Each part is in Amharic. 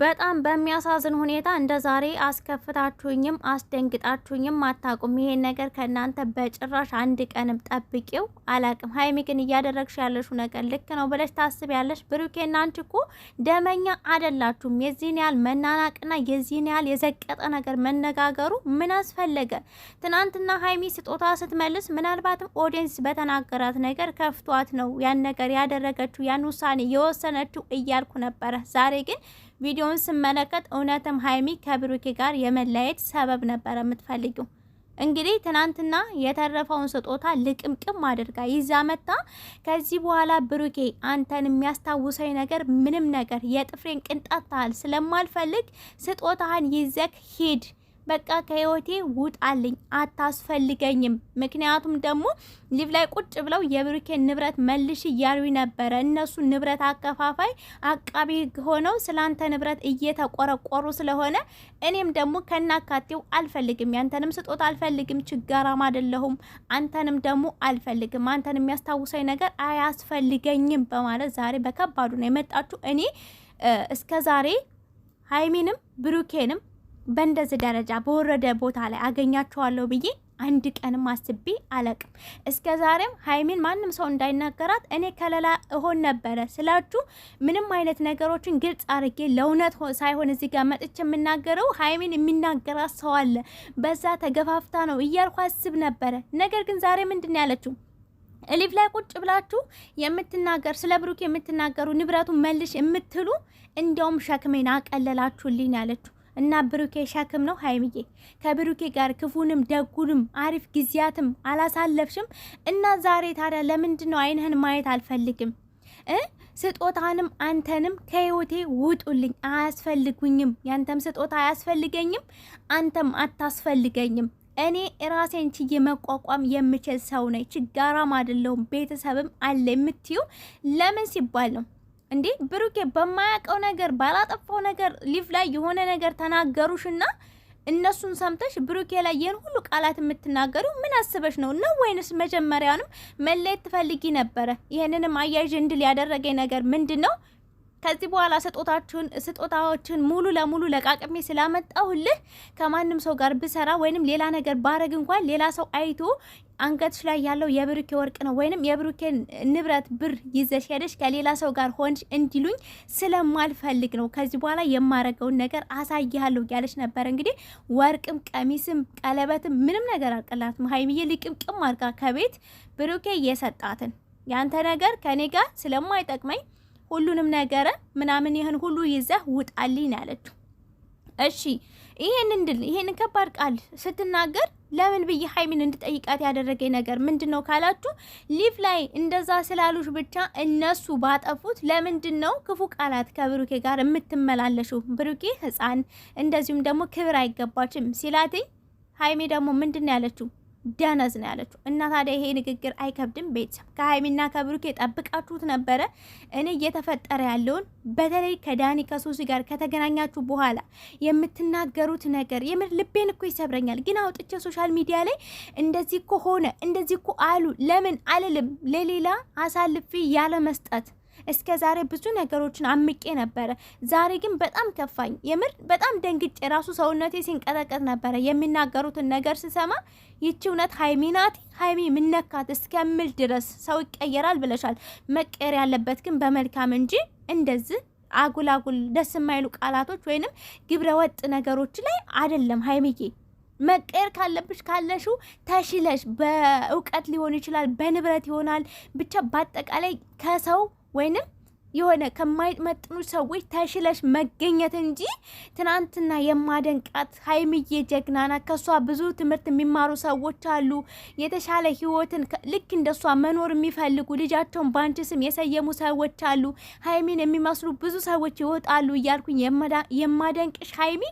በጣም በሚያሳዝን ሁኔታ እንደ ዛሬ አስከፍታችሁኝም አስደንግጣችሁኝም አታቁም ይሄን ነገር ከእናንተ በጭራሽ አንድ ቀንም ጠብቂው አላቅም ሀይሚ ግን እያደረግሽ ያለሽው ነገር ልክ ነው ብለሽ ያለሽ ብሩኬ፣ እናንች እኮ ደመኛ አደላችሁም የዚህን ያህል መናናቅና የዚህን ያህል የዘቀጠ ነገር መነጋገሩ ምን አስፈለገ? ትናንትና ሀይሚ ስጦታ ስትመልስ ምናልባትም ኦዲየንስ በተናገራት ነገር ከፍቷት ነው ያን ነገር ያደረገችው ያን ውሳኔ የወሰነችው እያልኩ ነበረ። ዛሬ ግን ቪዲዮውን ስመለከት እውነትም ሀይሚ ከብሩኬ ጋር የመለየት ሰበብ ነበር የምትፈልጊው። እንግዲህ ትናንትና የተረፈውን ስጦታ ልቅምቅም አድርጋ ይዛ ከዚህ በኋላ ብሩኬ አንተን የሚያስታውሰኝ ነገር ምንም ነገር የጥፍሬን ቅንጣት ታህል ስለማልፈልግ ስጦታህን ይዘክ ሂድ በቃ ከህይወቴ ውጣልኝ፣ አታስፈልገኝም። ምክንያቱም ደግሞ ሊቭ ላይ ቁጭ ብለው የብሩኬን ንብረት መልሽ እያሉ ነበረ። እነሱ ንብረት አከፋፋይ አቃቢ ህግ ሆነው ስላንተ ንብረት እየተቆረቆሩ ስለሆነ እኔም ደግሞ ከናካቴው አልፈልግም። ያንተንም ስጦታ አልፈልግም። ችጋራም አይደለሁም። አንተንም ደግሞ አልፈልግም። አንተን የሚያስታውሰኝ ነገር አያስፈልገኝም በማለት ዛሬ በከባዱ ነው የመጣችሁ። እኔ እስከ ዛሬ ሀይሚንም ብሩኬንም በእንደዚህ ደረጃ በወረደ ቦታ ላይ አገኛቸዋለሁ ብዬ አንድ ቀንም አስቤ አለቅም። እስከ ዛሬም ሀይሚን ማንም ሰው እንዳይናገራት እኔ ከለላ እሆን ነበረ ስላችሁ ምንም አይነት ነገሮችን ግልጽ አድርጌ ለእውነት ሳይሆን እዚህ ጋር መጥቼ የምናገረው ሀይሚን የሚናገራት ሰው አለ፣ በዛ ተገፋፍታ ነው እያልኩ አስብ ነበረ። ነገር ግን ዛሬ ምንድን ያለችው? እሊፍ ላይ ቁጭ ብላችሁ የምትናገር ስለ ብሩክ የምትናገሩ ንብረቱን መልሽ የምትሉ እንዲያውም ሸክሜን አቀለላችሁልኝ ያለችው እና ብሩኬ ሸክም ነው። ሀይምዬ ከብሩኬ ጋር ክፉንም ደጉንም አሪፍ ጊዜያትም አላሳለፍሽም እና ዛሬ ታዲያ ለምንድን ነው አይንህን ማየት አልፈልግም እ ስጦታንም አንተንም ከህይወቴ ውጡልኝ፣ አያስፈልጉኝም። ያንተም ስጦታ አያስፈልገኝም፣ አንተም አታስፈልገኝም። እኔ ራሴን ችዬ መቋቋም የምችል ሰው ነኝ። ችጋራም አይደለሁም። ቤተሰብም አለ የምትዩ ለምን ሲባል ነው እንዴ ብሩኬ በማያውቀው ነገር ባላጠፋው ነገር ሊፍ ላይ የሆነ ነገር ተናገሩሽና እነሱን ሰምተሽ ብሩኬ ላይ ይህን ሁሉ ቃላት የምትናገሩ ምን አስበሽ ነው ነው ወይንስ መጀመሪያውንም መለየት ትፈልጊ ነበረ? ይህንንም አያዥ እንድል ያደረገኝ ነገር ምንድን ነው? ከዚህ በኋላ ስጦታችሁን ስጦታዎችን ሙሉ ለሙሉ ለቃቅሜ ስላመጣሁልህ ከማንም ሰው ጋር ብሰራ ወይንም ሌላ ነገር ባረግ እንኳን ሌላ ሰው አይቶ አንገትሽ ላይ ያለው የብሩኬ ወርቅ ነው ወይንም የብሩኬ ንብረት ብር ይዘሽ ሄደሽ ከሌላ ሰው ጋር ሆንሽ እንዲሉኝ ስለማልፈልግ ነው። ከዚህ በኋላ የማረገውን ነገር አሳይሃለሁ ያለች ነበር። እንግዲህ ወርቅም፣ ቀሚስም፣ ቀለበትም ምንም ነገር አልቀላትም። ሀይሚዬ ልቅምቅም አድርጋ ከቤት ብሩኬ እየሰጣትን ያንተ ነገር ከኔ ጋር ስለማይጠቅመኝ ሁሉንም ነገር ምናምን ይህን ሁሉ ይዘህ ውጣልኝ አለችው። እሺ ይሄን እንድል ይሄን ከባድ ቃል ስትናገር ለምን ብዬ ሀይሚን እንድጠይቃት ያደረገኝ ነገር ምንድን ነው ካላችሁ፣ ሊፍ ላይ እንደዛ ስላሉሽ ብቻ እነሱ ባጠፉት ለምንድን ነው ክፉ ቃላት ከብሩኬ ጋር የምትመላለሽው? ብሩኬ ሕፃን እንደዚሁም ደግሞ ክብር አይገባችም ሲላትኝ ሀይሜ ደግሞ ምንድን ነው ያለችው? ደነዝ ነው ያለችው። እና ታዲያ ይሄ ንግግር አይከብድም? ቤተሰብ ከሀይሚና ከብሩኬ የጠብቃችሁት ነበረ። እኔ እየተፈጠረ ያለውን በተለይ ከዳኒ ከሱሲ ጋር ከተገናኛችሁ በኋላ የምትናገሩት ነገር የምር ልቤን እኮ ይሰብረኛል። ግን አውጥቼ ሶሻል ሚዲያ ላይ እንደዚህ እኮ ሆነ እንደዚህ እኮ አሉ ለምን አልልም ለሌላ አሳልፊ ያለ መስጠት እስከ ዛሬ ብዙ ነገሮችን አምቄ ነበረ። ዛሬ ግን በጣም ከፋኝ። የምር በጣም ደንግጬ ራሱ ሰውነቴ ሲንቀጠቀጥ ነበረ የሚናገሩትን ነገር ስሰማ። ይቺ እውነት ሀይሚ ናት ሀይሚ ምነካት እስከምል ድረስ ሰው ይቀየራል ብለሻል። መቀየር ያለበት ግን በመልካም እንጂ እንደዚህ አጉል አጉል ደስ የማይሉ ቃላቶች ወይንም ግብረ ወጥ ነገሮች ላይ አይደለም ሀይሚዬ መቀየር ካለብሽ ካለሽው ተሽለሽ በእውቀት ሊሆን ይችላል፣ በንብረት ይሆናል። ብቻ በአጠቃላይ ከሰው ወይንም የሆነ ከማይመጥኑ ሰዎች ተሽለሽ መገኘት እንጂ ትናንትና የማደንቃት ሀይሚዬ ጀግናና ከእሷ ብዙ ትምህርት የሚማሩ ሰዎች አሉ። የተሻለ ህይወትን ልክ እንደሷ መኖር የሚፈልጉ ልጃቸውን በአንቺ ስም የሰየሙ ሰዎች አሉ። ሀይሚን የሚመስሉ ብዙ ሰዎች ይወጣሉ እያልኩኝ የማደንቅሽ ሀይሚ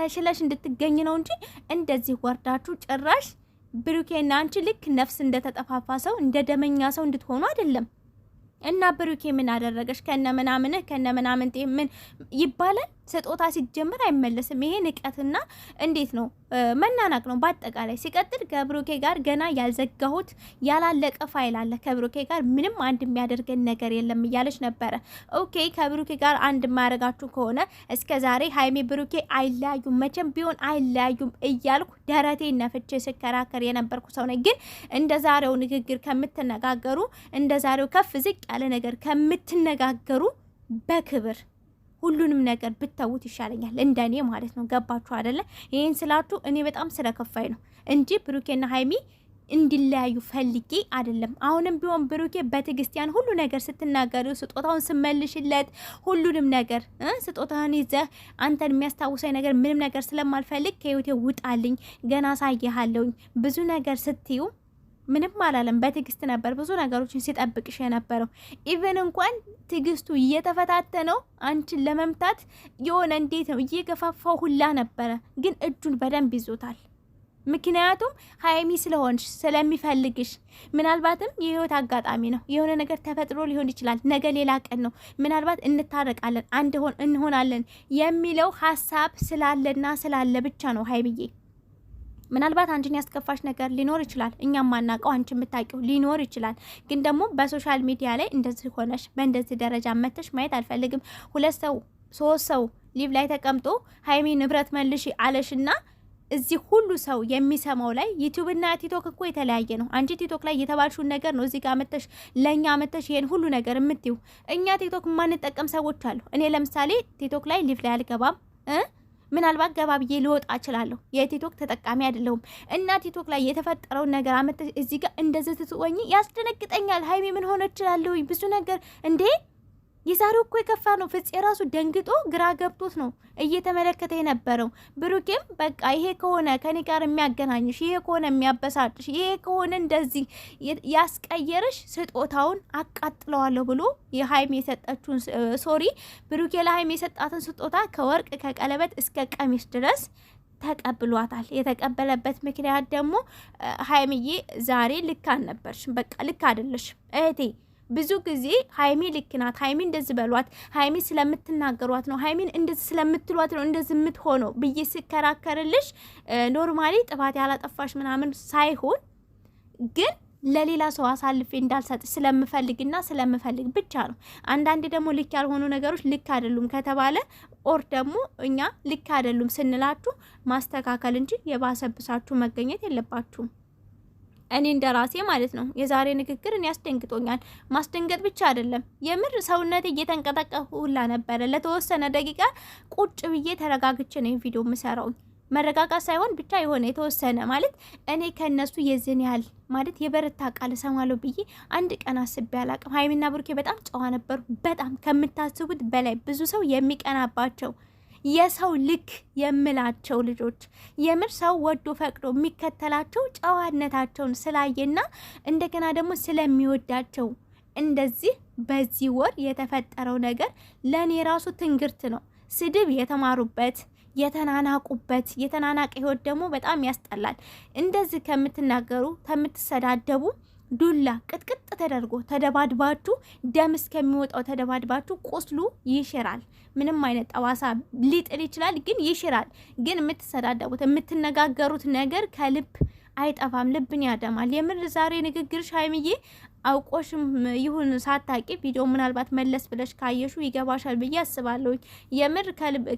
ተሽለሽ እንድትገኝ ነው እንጂ እንደዚህ ወርዳችሁ ጭራሽ ብሩኬና አንቺ ልክ ነፍስ እንደተጠፋፋ ሰው እንደ ደመኛ ሰው እንድትሆኑ አይደለም። እና ብሩኬ ምን አደረገች? ከነ ምናምንህ ከነ ምናምን ምን ይባላል ስጦታ ሲጀምር አይመለስም። ይሄ ንቀትና እንዴት ነው መናናቅ ነው። በአጠቃላይ ሲቀጥል ከብሩኬ ጋር ገና ያልዘጋሁት ያላለቀ ፋይል አለ። ከብሩኬ ጋር ምንም አንድ የሚያደርገን ነገር የለም እያለች ነበረ። ኦኬ ከብሩኬ ጋር አንድ የማያደርጋችሁ ከሆነ እስከ ዛሬ ሀይሜ ብሩኬ አይለያዩም፣ መቼም ቢሆን አይለያዩም እያልኩ ደረቴ ነፍቼ ስከራከር የነበርኩ ሰው ነኝ። ግን እንደ ዛሬው ንግግር ከምትነጋገሩ እንደ ዛሬው ከፍ ዝቅ ያለ ነገር ከምትነጋገሩ በክብር ሁሉንም ነገር ብተዉት ይሻለኛል፣ እንደኔ ማለት ነው። ገባችሁ አደለ? ይህን ስላችሁ እኔ በጣም ስለከፋኝ ነው እንጂ ብሩኬና ሀይሚ እንዲለያዩ ፈልጌ አይደለም። አሁንም ቢሆን ብሩኬ በትዕግስቲያን ሁሉ ነገር ስትናገሩ ስጦታውን ስመልሽለት ሁሉንም ነገር ስጦታን ይዘህ አንተን የሚያስታውሰኝ ነገር ምንም ነገር ስለማልፈልግ ከህይወቴ ውጣልኝ፣ ገና ሳይሃለውኝ ብዙ ነገር ስትዩ ምንም አላለም። በትዕግስት ነበር ብዙ ነገሮችን ሲጠብቅሽ የነበረው። ኢቨን እንኳን ትዕግስቱ እየተፈታተነው አንቺን ለመምታት የሆነ እንዴት ነው እየገፋፋው ሁላ ነበረ፣ ግን እጁን በደንብ ይዞታል። ምክንያቱም ሀይሚ ስለሆንሽ ስለሚፈልግሽ፣ ምናልባትም የህይወት አጋጣሚ ነው። የሆነ ነገር ተፈጥሮ ሊሆን ይችላል። ነገ ሌላ ቀን ነው። ምናልባት እንታረቃለን፣ አንድ እንሆናለን የሚለው ሀሳብ ስላለና ስላለ ብቻ ነው ሀይሚዬ ምናልባት አንቺን ያስከፋሽ ነገር ሊኖር ይችላል። እኛም ማናቀው አንቺ የምታውቂው ሊኖር ይችላል። ግን ደግሞ በሶሻል ሚዲያ ላይ እንደዚህ ሆነሽ በእንደዚህ ደረጃ መተሽ ማየት አልፈልግም። ሁለት ሰው ሶስት ሰው ሊቭ ላይ ተቀምጦ ሀይሚ ንብረት መልሽ አለሽና እዚህ ሁሉ ሰው የሚሰማው ላይ ዩቲዩብና ቲክቶክ እኮ የተለያየ ነው። አንቺ ቲክቶክ ላይ የተባልሽውን ነገር ነው እዚህ ጋር መተሽ ለእኛ መተሽ ይሄን ሁሉ ነገር የምትዩ። እኛ ቲክቶክ የማንጠቀም ሰዎች አሉ። እኔ ለምሳሌ ቲክቶክ ላይ ሊቭ ላይ አልገባም እ ምናልባት ገባ ብዬ ልወጣ እችላለሁ። የቲክቶክ ተጠቃሚ አይደለሁም እና ቲክቶክ ላይ የተፈጠረውን ነገር አመት እዚህ ጋር እንደዚህ ያስደነግጠኛል። ሀይሜ ምን ሆነ እችላለሁኝ ብዙ ነገር እንዴ የዛሬው እኮ የከፋ ነው። ፍጽ የራሱ ደንግጦ ግራ ገብቶት ነው እየተመለከተ የነበረው። ብሩኬም በቃ ይሄ ከሆነ ከኔ ጋር የሚያገናኝሽ፣ ይሄ ከሆነ የሚያበሳጭሽ፣ ይሄ ከሆነ እንደዚህ ያስቀየረሽ ስጦታውን አቃጥለዋለሁ ብሎ የሀይም የሰጠችውን ሶሪ ብሩኬ ለሀይም የሰጣትን ስጦታ ከወርቅ ከቀለበት እስከ ቀሚስ ድረስ ተቀብሏታል። የተቀበለበት ምክንያት ደግሞ ሀይምዬ ዛሬ ልክ አልነበርሽም፣ በቃ ልክ አይደለሽም እህቴ ብዙ ጊዜ ሀይሚ ልክ ናት፣ ሀይሚ እንደዚህ በሏት፣ ሀይሚ ስለምትናገሯት ነው፣ ሀይሚን እንደዚህ ስለምትሏት ነው እንደዚህ የምትሆነው ብዬ ስከራከርልሽ ኖርማሊ ጥፋት ያላጠፋሽ ምናምን ሳይሆን ግን ለሌላ ሰው አሳልፌ እንዳልሰጥ ስለምፈልግና ስለምፈልግ ብቻ ነው። አንዳንዴ ደግሞ ልክ ያልሆኑ ነገሮች ልክ አይደሉም ከተባለ ኦር ደግሞ እኛ ልክ አይደሉም ስንላችሁ ማስተካከል እንጂ የባሰብሳችሁ መገኘት የለባችሁም። እኔ እንደ ራሴ ማለት ነው። የዛሬ ንግግር እኔ አስደንግጦኛል። ማስደንገጥ ብቻ አይደለም፣ የምር ሰውነቴ እየተንቀጠቀሁ ሁላ ነበረ። ለተወሰነ ደቂቃ ቁጭ ብዬ ተረጋግቼ ነው ቪዲዮ የምሰራው። መረጋጋት ሳይሆን ብቻ የሆነ የተወሰነ ማለት እኔ ከእነሱ የዝን ያህል ማለት የበረታ ቃል እሰማለሁ ብዬ አንድ ቀን አስቤ አላቅም። ሀይሚና ብሩኬ በጣም ጨዋ ነበሩ። በጣም ከምታስቡት በላይ ብዙ ሰው የሚቀናባቸው የሰው ልክ የምላቸው ልጆች የምር ሰው ወዶ ፈቅዶ የሚከተላቸው ጨዋነታቸውን ስላየና እንደገና ደግሞ ስለሚወዳቸው እንደዚህ በዚህ ወር የተፈጠረው ነገር ለእኔ ራሱ ትንግርት ነው። ስድብ የተማሩበት የተናናቁበት የተናናቀ ህይወት ደግሞ በጣም ያስጠላል። እንደዚህ ከምትናገሩ ከምትሰዳደቡ ዱላ ቅጥቅጥ ተደርጎ ተደባድባችሁ ደም እስከሚወጣው ተደባድባችሁ ቁስሉ ይሽራል። ምንም አይነት ጠባሳ ሊጥል ይችላል፣ ግን ይሽራል። ግን የምትሰዳደቡት የምትነጋገሩት ነገር ከልብ አይጠፋም፣ ልብን ያደማል። የምር ዛሬ ንግግርሽ ሀይሚዬ አውቆሽም ይሁን ሳታቂ ቪዲዮ ምናልባት መለስ ብለሽ ካየሹ ይገባሻል ብዬ አስባለሁ። የምር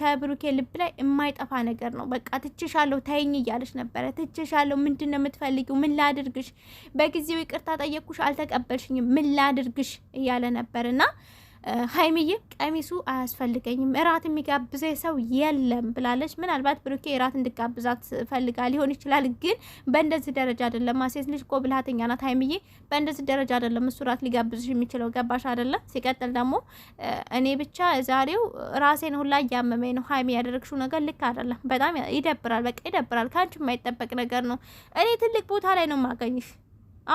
ከብሩኬ ልብ ላይ የማይጠፋ ነገር ነው። በቃ ትችሻለሁ፣ ተይኝ እያለሽ ነበረ። ትችሻለሁ፣ ምንድን ነው የምትፈልጊው? ምን ላድርግሽ? በጊዜው ይቅርታ ጠየቅኩሽ፣ አልተቀበልሽኝም፣ ምን ላድርግሽ እያለ ነበር እና ሀይሚዬ ቀሚሱ አያስፈልገኝም እራት የሚጋብዘ ሰው የለም ብላለች። ምናልባት ብሩኬ እራት እንድጋብዛት ፈልጋ ሊሆን ይችላል። ግን በእንደዚህ ደረጃ አይደለም። ሴት ልጅ እኮ ብልሃተኛ ናት። ሀይሚዬ በእንደዚህ ደረጃ አይደለም እሱ እራት ሊጋብዝሽ የሚችለው ገባሽ አይደለም። ሲቀጥል ደግሞ እኔ ብቻ ዛሬው ራሴን ሁላ እያመመኝ ነው። ሀይሚ ያደረግሽው ነገር ልክ አይደለም። በጣም ይደብራል። በቃ ይደብራል። ከአንቺ የማይጠበቅ ነገር ነው። እኔ ትልቅ ቦታ ላይ ነው የማገኝሽ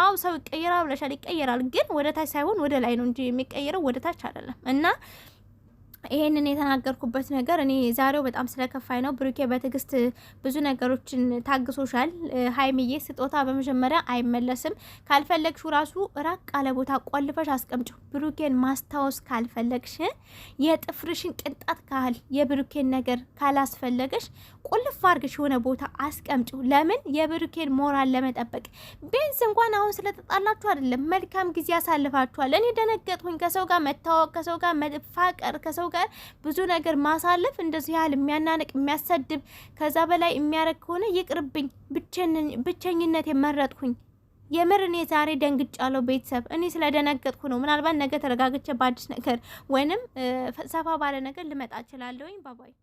አው ሰው ይቀየራል ብለሻል። ይቀየራል ግን ወደ ታች ሳይሆን ወደ ላይ ነው እንጂ የሚቀየረው ወደ ታች አይደለም እና ይሄንን የተናገርኩበት ነገር እኔ ዛሬው በጣም ስለከፋኝ ነው። ብሩኬ በትዕግስት ብዙ ነገሮችን ታግሶሻል። ሀይሚዬ ስጦታ በመጀመሪያ አይመለስም። ካልፈለግሽ ራሱ ራቅ አለ ቦታ ቆልፈሽ አስቀምጪው። ብሩኬን ማስታወስ ካልፈለግሽ የጥፍርሽን ቅንጣት ካህል የብሩኬን ነገር ካላስፈለገሽ ቁልፍ አርግሽ የሆነ ቦታ አስቀምጪው። ለምን የብሩኬን ሞራል ለመጠበቅ ቢያንስ እንኳን አሁን ስለተጣላችሁ አይደለም፣ መልካም ጊዜ አሳልፋችኋል። እኔ ደነገጥኩኝ። ከሰው ጋር መታወቅ፣ ከሰው ጋር መፋቀር፣ ከሰው ጋር ብዙ ነገር ማሳለፍ እንደዚህ ያህል የሚያናንቅ የሚያሰድብ ከዛ በላይ የሚያረግ ከሆነ ይቅርብኝ፣ ብቸኝነት የመረጥኩኝ። የምር እኔ ዛሬ ደንግጫለሁ። ቤተሰብ እኔ ስለደነገጥኩ ነው። ምናልባት ነገ ተረጋግቼ በአዲስ ነገር ወይንም ሰፋ ባለ ነገር ልመጣ እችላለሁኝ። ባባይ